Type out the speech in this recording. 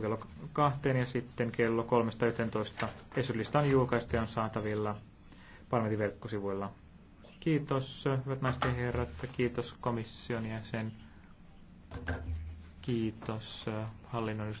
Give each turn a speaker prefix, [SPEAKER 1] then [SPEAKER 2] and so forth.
[SPEAKER 1] kello kahteen ja sitten kello 3.11. Esylista on julkaistu ja on saatavilla Parmetin verkkosivuilla. Kiitos, hyvät naiset ja herrat. Kiitos komission ja sen. Kiitos äh, hallinnon